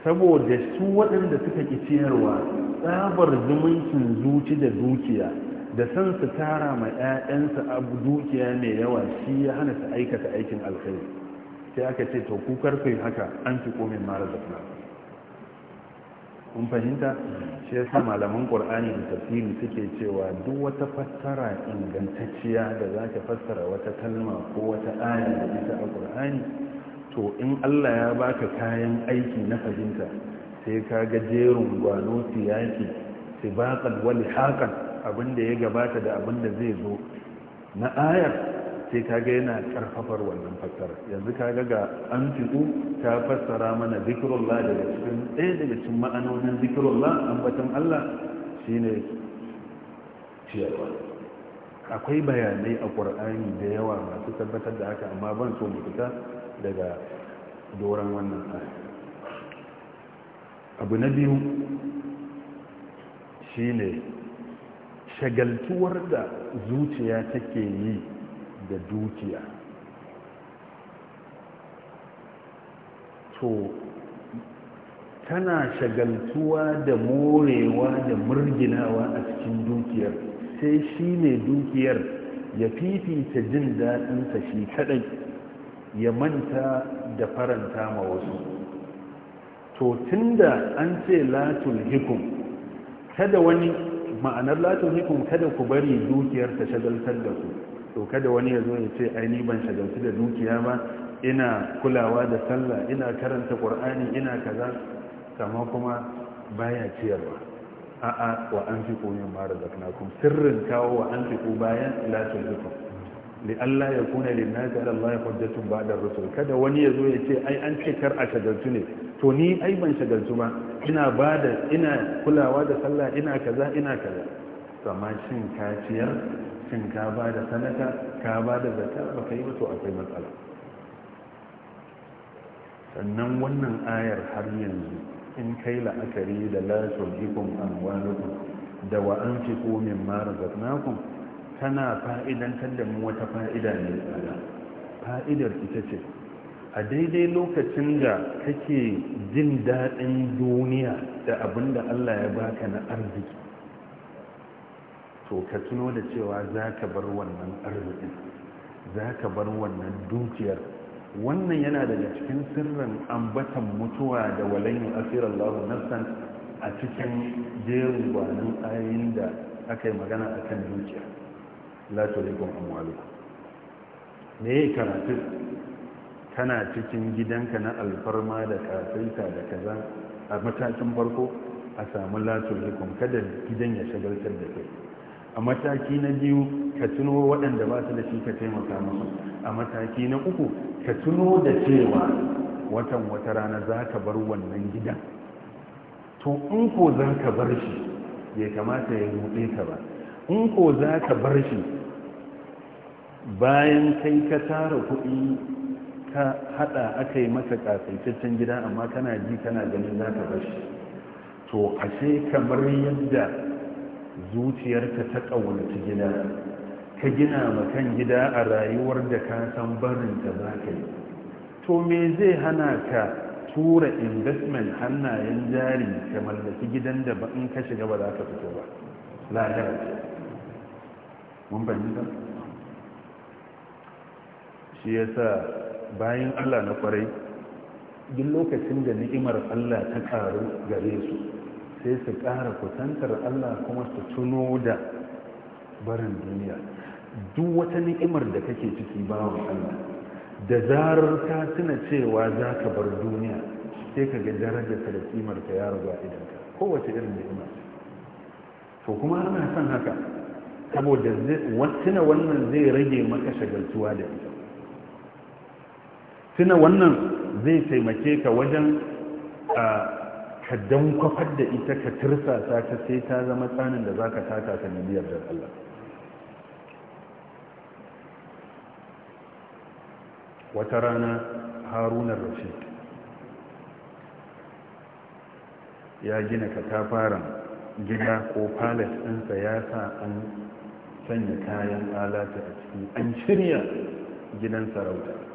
saboda su waɗanda suka ki ciyarwa tsabar zumuncin zuci da dukiya da san su tara ma ya'yansa abu dukiya mai yawa shi ya hana su aikata aikin alkhairi sai aka ce to ku karfe haka an fi komin mara zafina kun fahimta shi ya sa malaman ƙur'ani da tafsiri suke cewa duk wata fassara ingantacciya da za ka fassara wata kalma ko wata aya da ita a ƙur'ani to in allah ya baka kayan aiki na fahimta sai ka ga jerin gwano siyaki sibaƙan wani haƙan abin da ya gabata da abin da zai zo na ayar sai kaga yana karfafar wannan fassara yanzu ka ga an fito ta fassara mana zikrullah daga cikin ɗaya daga cikin ma'anonin zikrullah ambatan Allah shine ciyarwa akwai bayanai a ƙur'ani da yawa masu tabbatar da haka amma ban so mu fita daga doron wannan ayar abu na biyu shine shagaltuwar da zuciya take yi da dukiya to tana shagaltuwa da morewa da murginawa a cikin dukiyar sai shi ne dukiyar ya fifita jin daɗinsa shi kaɗai ya manta da faranta ma wasu to tunda an ce latul hikun kada wani ma'anar latin hikun kada ku bari dukiyar ta shagaltar da ku to kada wani ya zo ya ce ai ni ban shagaltu da dukiya ba ina kulawa da sallah ina karanta qur'ani ina kaza kama kuma baya ciyarwa a'a wa anfiqu mimma razaqnakum sirrin kawo wa ko bayan latin hikun li'alla ya kuna linnasi ala Allah hujjatun ba'da rusul kada wani yazo ya ce ai an ce kar a shagaltu ne to ni ai ban shagaltu ba ina ba da ina kulawa da sallah ina kaza ina kaza to amma shin ka ciyar shin ka ba da sanaka ka ba da zakka ba kai ba akwai matsala sannan wannan ayar har yanzu in kai la'akari da la tulhikum amwalukum da wa anfiqu mimma razaqnakum tana fa'idantar da mu wata fa'ida ne tsada fa'idar ita ce a daidai lokacin da kake jin daɗin duniya da abin da Allah ya baka na arziki to ka tuno da cewa za ka bar wannan arzikin za ka bar wannan dukiyar wannan yana daga cikin sirrin ambatan mutuwa da walayin asirar lahu nassan a cikin jerin gwanin ayoyin da aka yi magana a kan dukiya la tulikun amwalukum me karatu kana cikin gidanka na alfarma da kasaita da kaza a matakin farko a samu latulikun kada gidan ya shagaltar da kai a mataki na biyu ka tuno waɗanda ba su da shi ka taimaka musu a mataki na uku ka tuno da cewa watan wata rana za ka bar wannan gidan to in ko za ka bar shi ya kamata ya ruɗe ka ba in ko za ka bar shi bayan kai ka tara kuɗi ka hada aka yi maka kasaitaccen gida amma kana ji kana ganin za ka bashi to ashe kamar yadda zuciyarka ta ƙaunaci gida ka gina makan gida a rayuwar da ka san barinta za ka yi to me zai hana ka tura investment hannayen jari ka mallaki gidan da ba in ka shiga ba za ka fito ba lalata mun bayyana shi yasa bayan Allah na kwarai duk lokacin da ni'imar Allah ta karu gare su sai su ƙara kusantar Allah kuma su tuno da barin duniya duk wata ni'imar da kake ciki bawon Allah da zarar ka tuna cewa za ka bar duniya sai ka ga darajarka da ka ya idan idanka kowace irin ni'ima to kuma ana son haka saboda tuna wannan zai rage maka shagaltuwa da ita tuna wannan zai taimake ka wajen ka kwafar da ita ka tursasa ta sai ta zama tsanin da za ka taka ta miliyar da Allah wata rana harunar rashid ya gina katafaren gida ko palace ɗinsa ya sa an sanya kayan alata a cikin an shirya gidan sarauta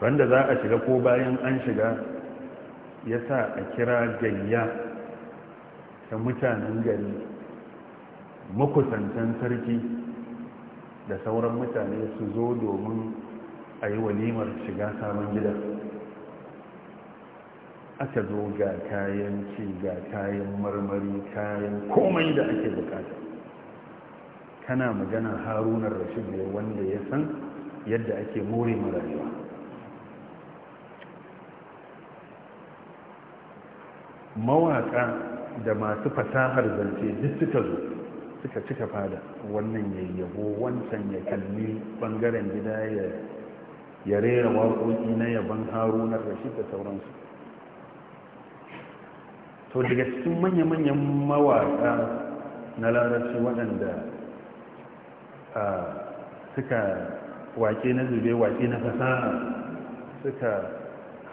wanda za a shiga ko bayan an shiga ya sa a kira gayya ta mutanen gari makusantan sarki da sauran mutane su zo domin a yi walimar shiga sabon gida aka zo ga kayan ci ga kayan marmari kayan komai da ake bukata kana magana harunar rashidu wanda ya san yadda ake more marayuwa mawaka da masu fasahar zance duk suka zo suka cika fada wannan ya yabo wancan ya kalli bangaren gida ya ya rera waƙoƙi na yaban haruna rashid da sauransu to daga cikin manya-manyan mawaka na larabci waɗanda suka wake na zube wake na fasaha suka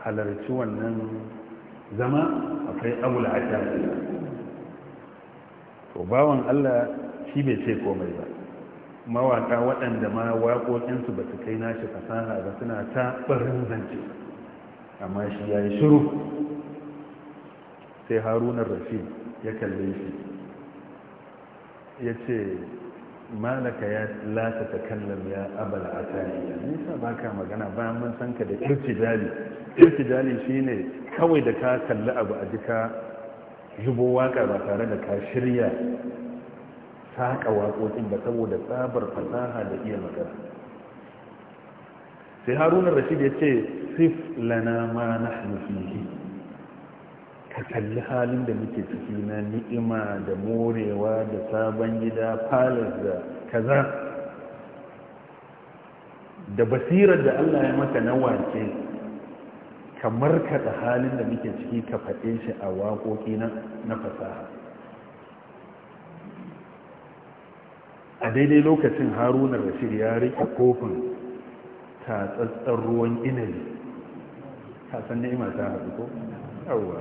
halarci wannan zama akwai abul ashariya to bawan Allah shi bai ce komai ba mawaka waɗanda ma waƙoƙinsu ba su kai nashi fasaha ba suna ta ɓarin zance amma shi ya yi shiru sai harunan rashid ya kalle shi ya ce malaka ya lasa ta kallon ya abala a tarihi nisa ba ka magana bayan mun san ka da irtijali irtijali shine kawai da ka kalli abu a jika zubo waka ba tare da ka shirya saƙa waƙoƙin ba saboda tsabar fasaha da iya magana sai haruna rashid ya ce sif lana ma nahnu fihi ka kalli halin da muke ciki na ni'ima da morewa da sabon gida palace da kaza da basirar da Allah ya maka na wake ka markaɗa halin da muke ciki ka faɗe shi a waƙoƙi na fasaha a daidai lokacin haruna rashid ya rike kofin tatsatsar ruwan inabi ka san ni'ima ta haɗu ko? yawwa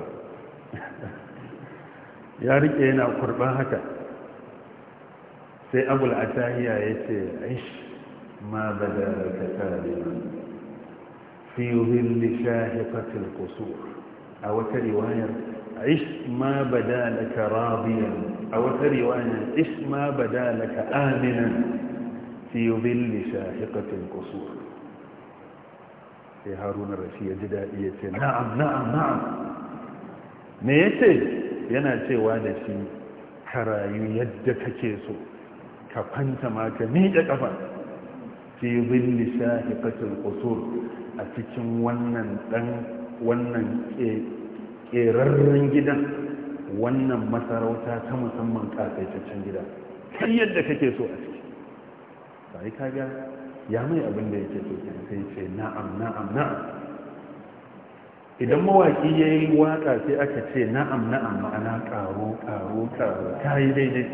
ya rike yana kurban haka sai abul atahiya ya ce aish ma bada ka tarihin fi yuhilli shahiqatil qusur a wata riwayar aish ma bada laka radiyan a wata riwayar aish ma bada laka aminan fi yuhilli shahiqatil qusur sai harun rashi ya ji daɗi ya ce na'am na'am na'am me ya ce yana cewa da shi ka rayu yadda kake so ka fanta ma ka miƙa ƙafa fi zilli shahiqatil qusur a cikin wannan dan wannan ƙerarren gidan wannan masarauta ta musamman ƙasaitaccen gida kan yadda kake so a ciki sai ga ya mai abin da yake so sai ce na'am na'am na'am idan mawaki ya yi waƙa sai aka ce na'am na'am ma'ana ƙaro ƙaro ƙaro ta yi daidai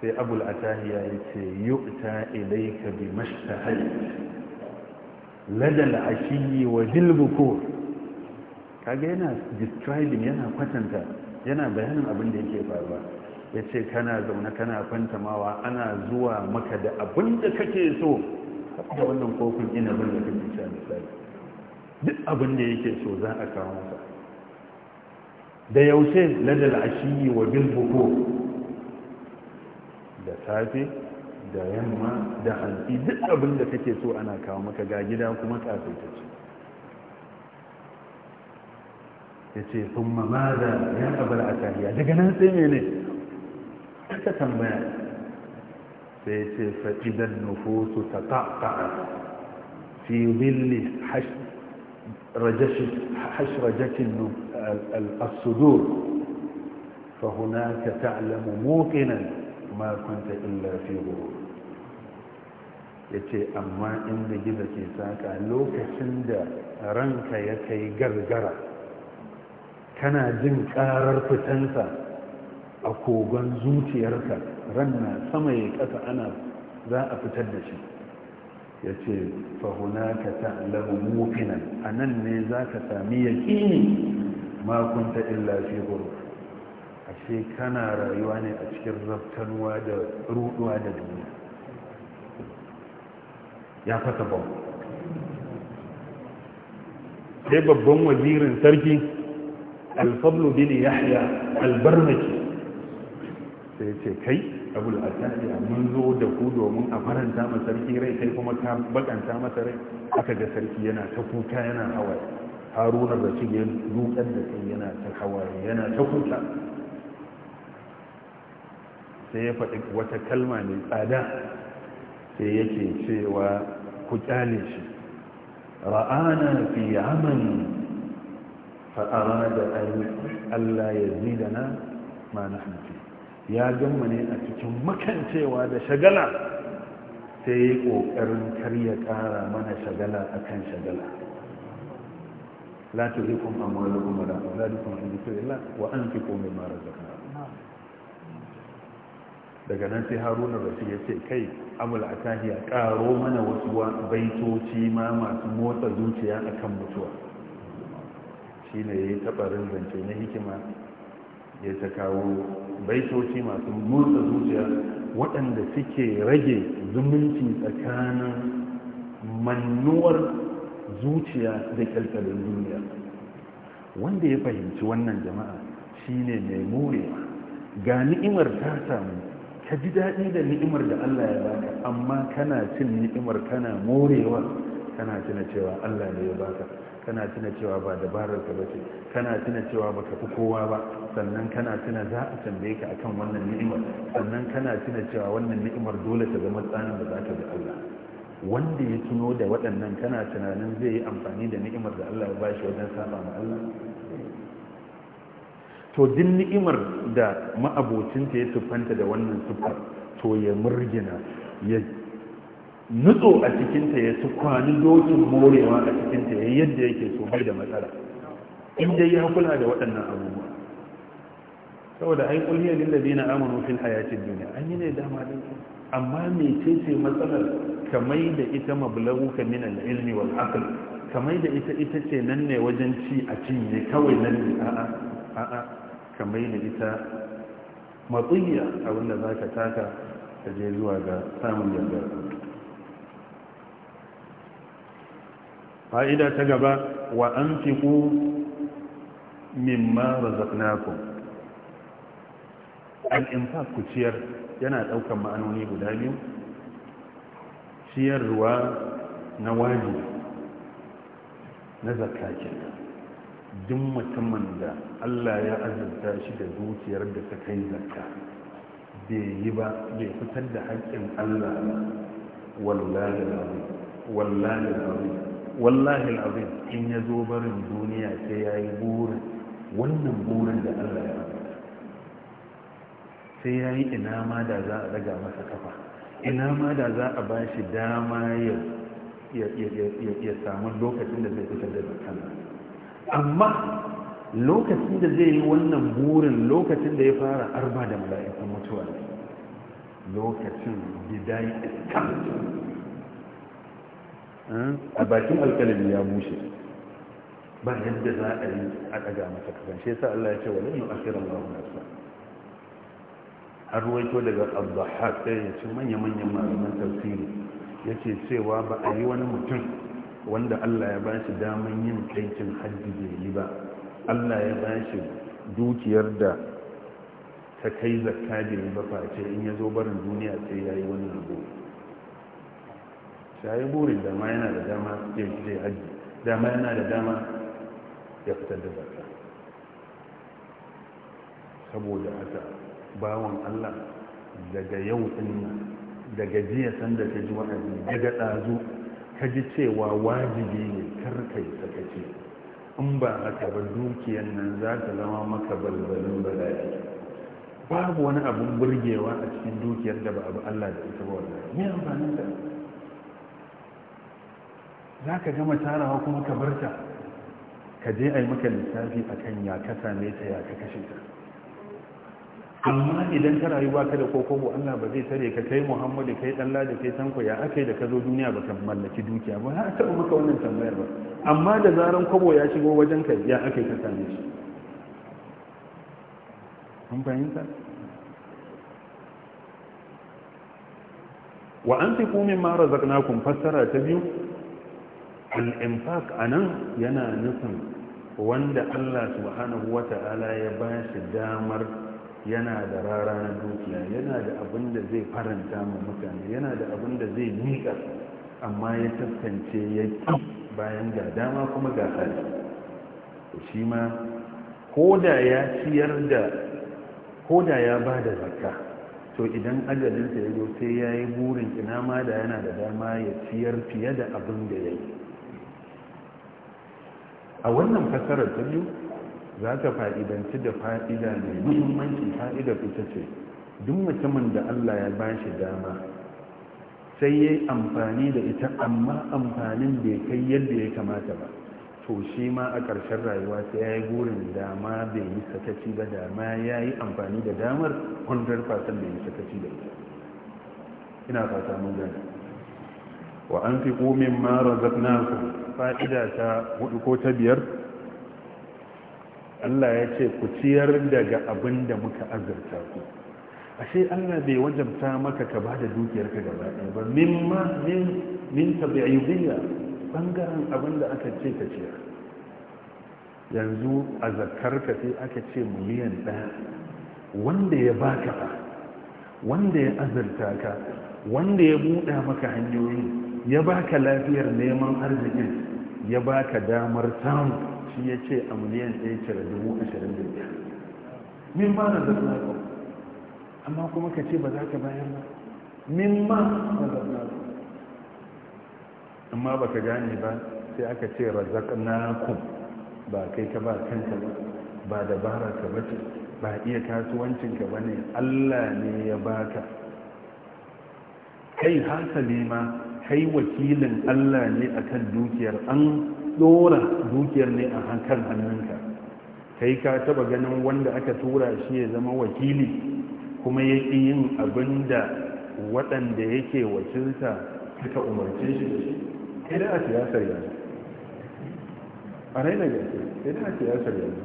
sai abul atahiya ya ce ilai ka bi mashtahai ladal ashiyi wa dilbukur kaga yana describing yana kwatanta yana bayanin abin da yake faruwa ya ce kana zaune kana fantamawa ana zuwa maka da abin da kake so da wannan kofin inabin da kake sha misali duk abin da yake so za a kawo maka da yaushe ladal ashiyi wa bil buko da safe da yamma da hanti duk abin da kake so ana kawo maka ga gida kuma kasaitacce ya ce sun mamada ya abar a daga nan sai ne ne ta tambaya sai ya ce fa'idan nufusu ta ta'a'a fi zilli hashrajatin al'asudur فهناك تعلم موقنا ما كنت إلا في غرور ya ce amma inda gida ke saka lokacin da ranka ya kai gargara kana jin karar fitansa a kogon zuciyarka na sama ya ƙasa ana za a fitar da shi ya ce fahuna ka ta'lamu mufinan a nan ne za ka sami yaƙini makunta illa fi huruf ashe kana rayuwa ne a cikin raftanuwa da ruɗuwa da duniya ya fata bau sai babban wazirin sarki alfablu bin yahya albarnaki sai ce kai abul asadiya mun zo da ku domin a faranta ma sarki rai sai kuma ka bakanta masa rai aka ga sarki yana ta kuka yana hawaye haruna rashid ya dukan da kai yana ta hawaye yana ta kuka sai ya faɗi wata kalma mai tsada sai yake cewa ku kyale shi ra'ana fi amani fa'arada an Allah ya zidana ma nahnu fi ya gama ne a cikin makancewa da shagala sai ya ƙoƙarin karya ƙara mana shagala a kan shagala la tuhikum amwalukum wala auladukum an dhikrillah wa anfiqu da razaqnakum daga nan sai haruna rashid ya ce kai abul atahi ya ƙaro mana wasu baitoci ma masu motsa zuciya akan mutuwa shine yi tabarin zance na hikima ya ta kawo baitoci masu motsa zuciya waɗanda suke rage zumunci tsakanin mannuwar zuciya da kyalkalin duniya wanda ya fahimci wannan jama'a shine mai morewa ga ni'imar ta samu ka ji daɗi da ni'imar da Allah ya baka amma kana cin ni'imar kana morewa kana tuna cewa Allah ne ya baka kana tuna cewa ba dabarar ka bace kana tuna cewa ba ka fi kowa ba sannan kana tuna za a tambaye ka akan wannan ni'imar sannan kana tuna cewa wannan ni'imar dole ta zama tsanin da za ta bi Allah wanda ya tuno da waɗannan kana tunanin zai yi amfani da ni'imar da Allah ya bashi wajen saba ma Allah to din ni'imar da ma'abocinta ya tuffanta da wannan siffar to ya murgina ya nutso a cikinta ya su kwani dokin morewa a cikinta ya yadda yake so bai da matsala in dai ya kula da waɗannan abubuwa saboda ai kulliya lil ladina amanu fil hayatid dunya an yi ne dama din amma me ce ce matsalar kamai da ita ka min al ilmi wal aql kamai da ita ita ce nan ne wajen ci a cinye kawai nan ne a'a a'a kamai da ita matsiya abinda zaka taka ta je zuwa ga samun yardar fa'ida ta gaba wa an fi ku mimma razaqnakum al ku ciyar yana ɗaukar ma'anoni guda biyu ciyarwa na waje na zakka duk mutumin da Allah ya azurta shi da zuciyar da ta kai zakka bai yi ba bai fitar da haƙƙin Allah wallahi wallahi wallahi al'azim in ya zo barin duniya sai ya yi burin wannan burin da allah ya sai ya yi ina ma da za a daga masa kafa ina ma da za a ba shi dama ya samu lokacin da zai fitar da zakana amma lokacin da zai yi wannan burin lokacin da ya fara arba da mala'ikan mutuwa lokacin bidai iskanta a bakin alkalabi ya bushe ba yadda za a yi a ɗaga masa kagan shi sa Allah ya ce wani asirin Allah nasa har ruwaito daga abdahar ɗaya ya ce manya-manyan malaman tafsiri ya ce cewa ba a yi wani mutum wanda Allah ya bashi daman yin kaikin hajji bai yi ba Allah ya bashi dukiyar da ta kai zakka da yi ba face in ya zo barin duniya sai ya yi wani abu ya yi burin dama yana da dama ya zai hajji dama yana da dama ya fitar da zarta saboda haka bawan allah daga yau ɗinna daga jiya sanda ta ji wa'azi daga ɗazu ka ji cewa wajibi ne karkai sakaci in ba haka ba dukiyan nan za ta zama maka balbalin bala'i babu wani abun burgewa a cikin dukiyar da ba abu allah da ita ba wallahi me amfanin ta za ka gama tarawa kuma ka barta ka je a yi maka lissafi a kan ya ka same ta ya ka kashe ta amma idan ta rayuwa ka da kokobo allah ba zai tare ka kai muhammadu kai dan ladi kai tanko ya aka yi da ka zo duniya ba ka mallaki dukiya ba har taɓa maka wannan tambayar ba amma da zaran kobo ya shigo wajen ka ya aka yi ka same shi an fahimta wa an fi kumin mara zaknakun fassara ta biyu al'infaq a nan yana nufin wanda allah subhanahu wa ta'ala ya ba shi damar yana da rara na dukiya yana da abin da zai faranta ma mutane yana da abin da zai miƙa amma ya taskance ya bayan ga dama kuma ga hali shi ma koda ya da koda ya ba da zakka to idan ajalinsa ya zo sai ya yi burin ina ma da yana da dama ya ciyar fiye da abin da ya yi a wannan fasarar ta biyu za ta fa'idanci da fa'ida mai muhimmanci fa'idar ita ce duk mutumin da allah ya ba shi dama sai ya yi amfani da ita amma amfanin bai kai yadda ya kamata ba to shi ma a ƙarshen rayuwa sai ya yi burin dama bai yi sakaci ba dama ya yi amfani da damar 100% bai yi sakaci da ita ina fata mun gani wa an fi ƙomin mara zafinaku fa'ida ta hudu ko ta biyar Allah ya ce ku ciyar daga abin da muka azurta ku ashe Allah bai wajabta maka ka bada dukiyarka gaba ɗaya ba ma min min tabi'iyya bangaren abin da aka ce ka ciyar yanzu a ka sai aka ce miliyan ɗaya wanda ya baka wanda ya azurta ka wanda ya buɗa maka hanyoyi ya baka lafiyar neman arzikin ya baka damar samu shi ya ce a miliyan ɗaya cire dubu ashirin da biyar min ba na zaɓa amma kuma ka ce ba za ka bayan ba min ba na zaɓa amma ba ka gane ba sai aka ce ku. ba kai ka ba kanka ba ba dabara ka bace ba iya kasuwancinka ba ne allah ne ya baka kai hasali ma kai wakilin Allah ne akan dukiyar an dora dukiyar ne a hankal hannunka kai ka taba ganin wanda aka tura shi ya zama wakili kuma ya ƙi yin abin da waɗanda yake wakilta suka umarce shi kai da a siyasar yanzu a raina gaske kai da a siyasar yanzu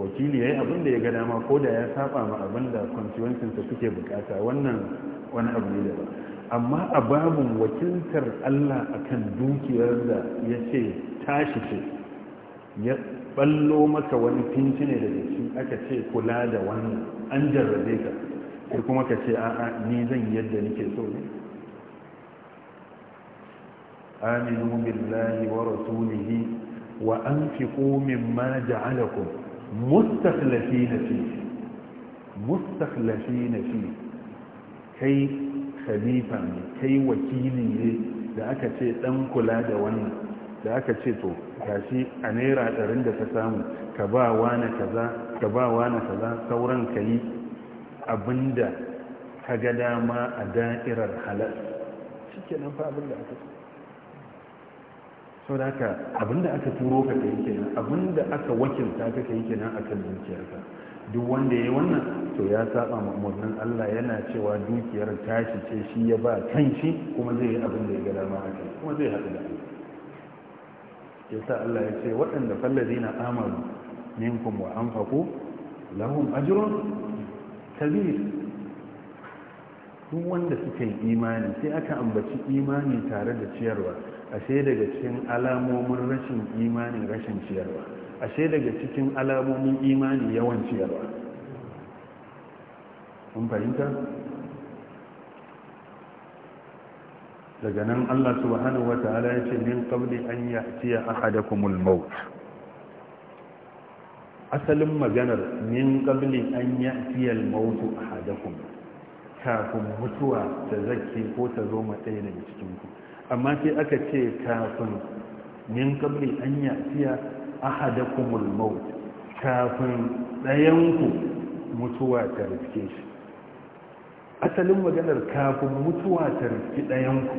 wakili ya yi abin da ya ga dama ko da ya saba ma abin da constituencinsa suke bukata wannan wani abu ne da ba amma a babin wakiltar Allah akan dukiyar da ya ce tashi ce ya ballo maka wani finci ne daga shi aka ce kula da wani, an jarrabe ka sai kuma ka ce a'a ni zan yadda nake so ne aminu billahi wa rasulihi wa anfiqu mimma ja'alakum mustakhlifina fi mustakhlifina fi kai khalifa ne kai wakili ne da aka ce dan kula da wannan da aka ce to kashi a naira ɗarin da ka samu ka ba wani kaza ka ba wani kaza sauran ka yi abinda ka ga dama a da'irar halal shi ke nan fa abinda aka ce sau da haka abinda aka turo ka kai kenan abinda aka wakilta ka kai kenan akan dukiyarka duk wanda ya yi wannan to ya saba murnin Allah yana cewa dukiyar tashi ce shi ya ba kan shi kuma zai yi abin da ya ga dama a kuma zai haɗu da Allah ya sa Allah ya ce waɗanda fallazi na amalu minkum wa faku lahum ajrun kabir duk wanda suka yi imani sai aka ambaci imani tare da ciyarwa ashe daga cikin alamomin rashin imanin rashin ciyarwa ashe daga cikin alamomin imani yawan ciyarwa kun fahimta daga nan Allah subhanahu wata'ala ya ce min qabli an ya'tiya ahadakumul maut asalin maganar min qabli an ya'tiya al maut hadakun kafin mutuwa ta zaki ko ta zo matsayi daga cikin ku amma sai aka ce kafin min qabli an ya'tiya ahadakumul maut kafin dayanku mutuwa ta rike shi asalin maganar kafin mutuwa ta rike dayanku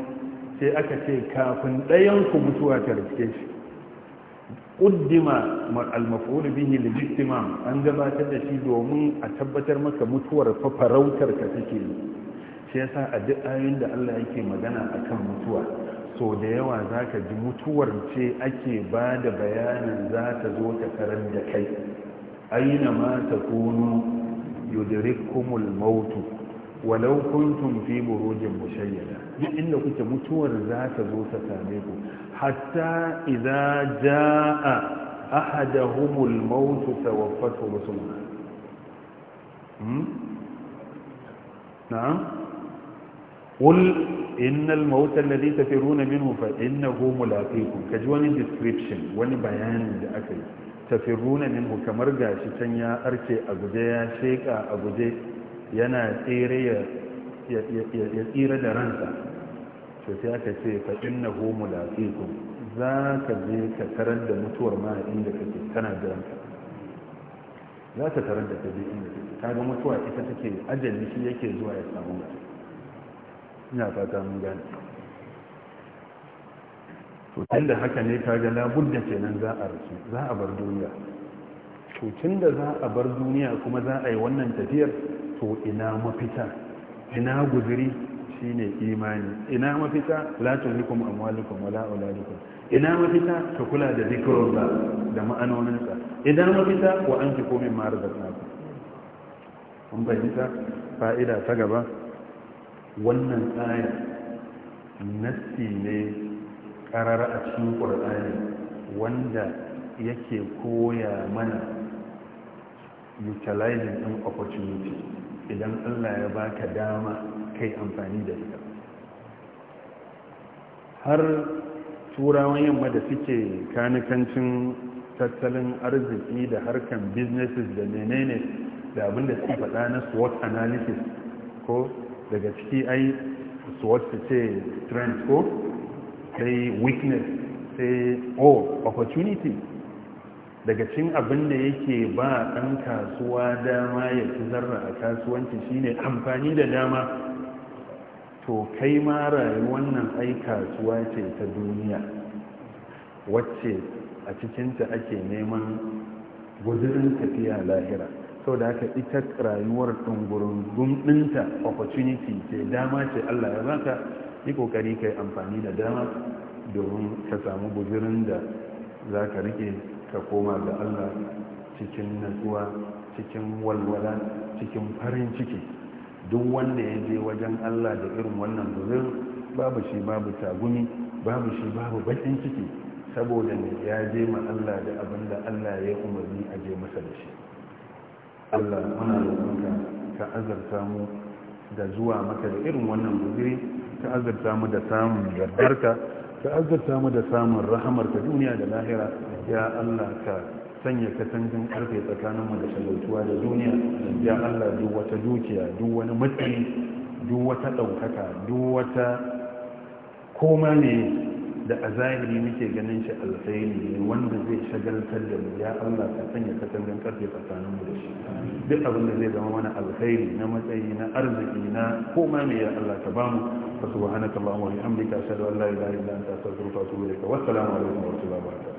sai aka ce kafin dayanku mutuwa ta rike shi ƙuddima al-maf'ul bihi lil an gabatar da shi domin a tabbatar maka mutuwar fa farautar ka take shi yasa a duk ayoyin da Allah yake magana akan mutuwa so da yawa za ka ji mutuwar ce ake ba da bayanin za ta zo ta karar da kai aina ma ta kunu yudrikumul mautu walau kuntum fi burujin mushayyada duk inda kuke mutuwar za ta zo ta same ku hatta idza jaa ahadahumul mautu tawaffatu rusuluna hmm? na'am qul إن الموت الذي تفرون منه فإنه ملاقيكم كجواني ديسكريبشن واني بيان لأكل تفرون منه كمرجع كان يا أركي أبجي يا شيك أبجي ينا تيري يتير درنسا فتاك تي فإنه ملاقيكم ذاك ذيك ترد متور ما عندك تنا درنسا لا تترد تبي عندك هذا متوى إذا تكي أجل بشي يكي زوا يسامونك ina fata mun gane to tunda haka ne ga labudda kenan za a rasu za a bar duniya to tunda za a bar duniya kuma za a yi wannan tafiyar to ina mafita ina guzuri shine imani ina mafita la tulikum amwalukum wala auladukum ina mafita ka kula da zikrullah da ma'anoninsa ina mafita wa anfiqu mimma marzaka kun bayyana fa'ida ta gaba wannan tsari nassi ne karar a cikin ƙur'ani wanda yake koya mana utilizing ɗin opportunity idan allah ya baka dama kai amfani da ita har turawan yamma da suke kanikancin tattalin arziki da harkan businesses da menene da abinda suke faɗa na SWOT analysis ko daga ciki ai su wacce ce strength ko sai weakness sai oh opportunity daga cin abin da yake ba ɗan kasuwa dama ya ci zarra a kasuwanci shine amfani da dama to kai ma rayuwar wannan ai kasuwa ce ta duniya wacce a cikinta ake neman guzurin tafiya lahira sau da haka ita rayuwar ɗungurin ɗinta opportunity ce dama ce allah ya baka yi kokari ka yi amfani da dama domin ka samu guzirin da za ka rike ka koma ga allah cikin natsuwa cikin walwala cikin farin ciki duk wanda ya je wajen allah da irin wannan guzirin babu shi babu tagumi babu shi babu bakin ciki saboda ya je ma allah da abin da allah ya umarni a je masa da shi Allah muna roƙonka ka azarta mu da zuwa maka da irin wannan guziri ka azarta mu da samun yardarka ka azarta mu da samun rahamarka duniya da lahira ya Allah ka sanya katangan karfe tsakaninmu da talautuwa da duniya ya allah duk wata dukiya duk wani matsayi duk wata ɗaukaka duk wata koma ne da a zahiri muke ganin shi alkhairi ne wanda zai shagaltar da mu ya Allah ka sanya katangan karfe tsakanin mu da shi duk abin da zai zama mana alkhairi na matsayi na arziki na koma ne ya Allah ka bamu fa subhanaka allahumma wa bihamdika ashhadu an la ilaha illa anta astaghfiruka wa atubu ilaik wa assalamu alaikum wa rahmatullahi wa barakatuh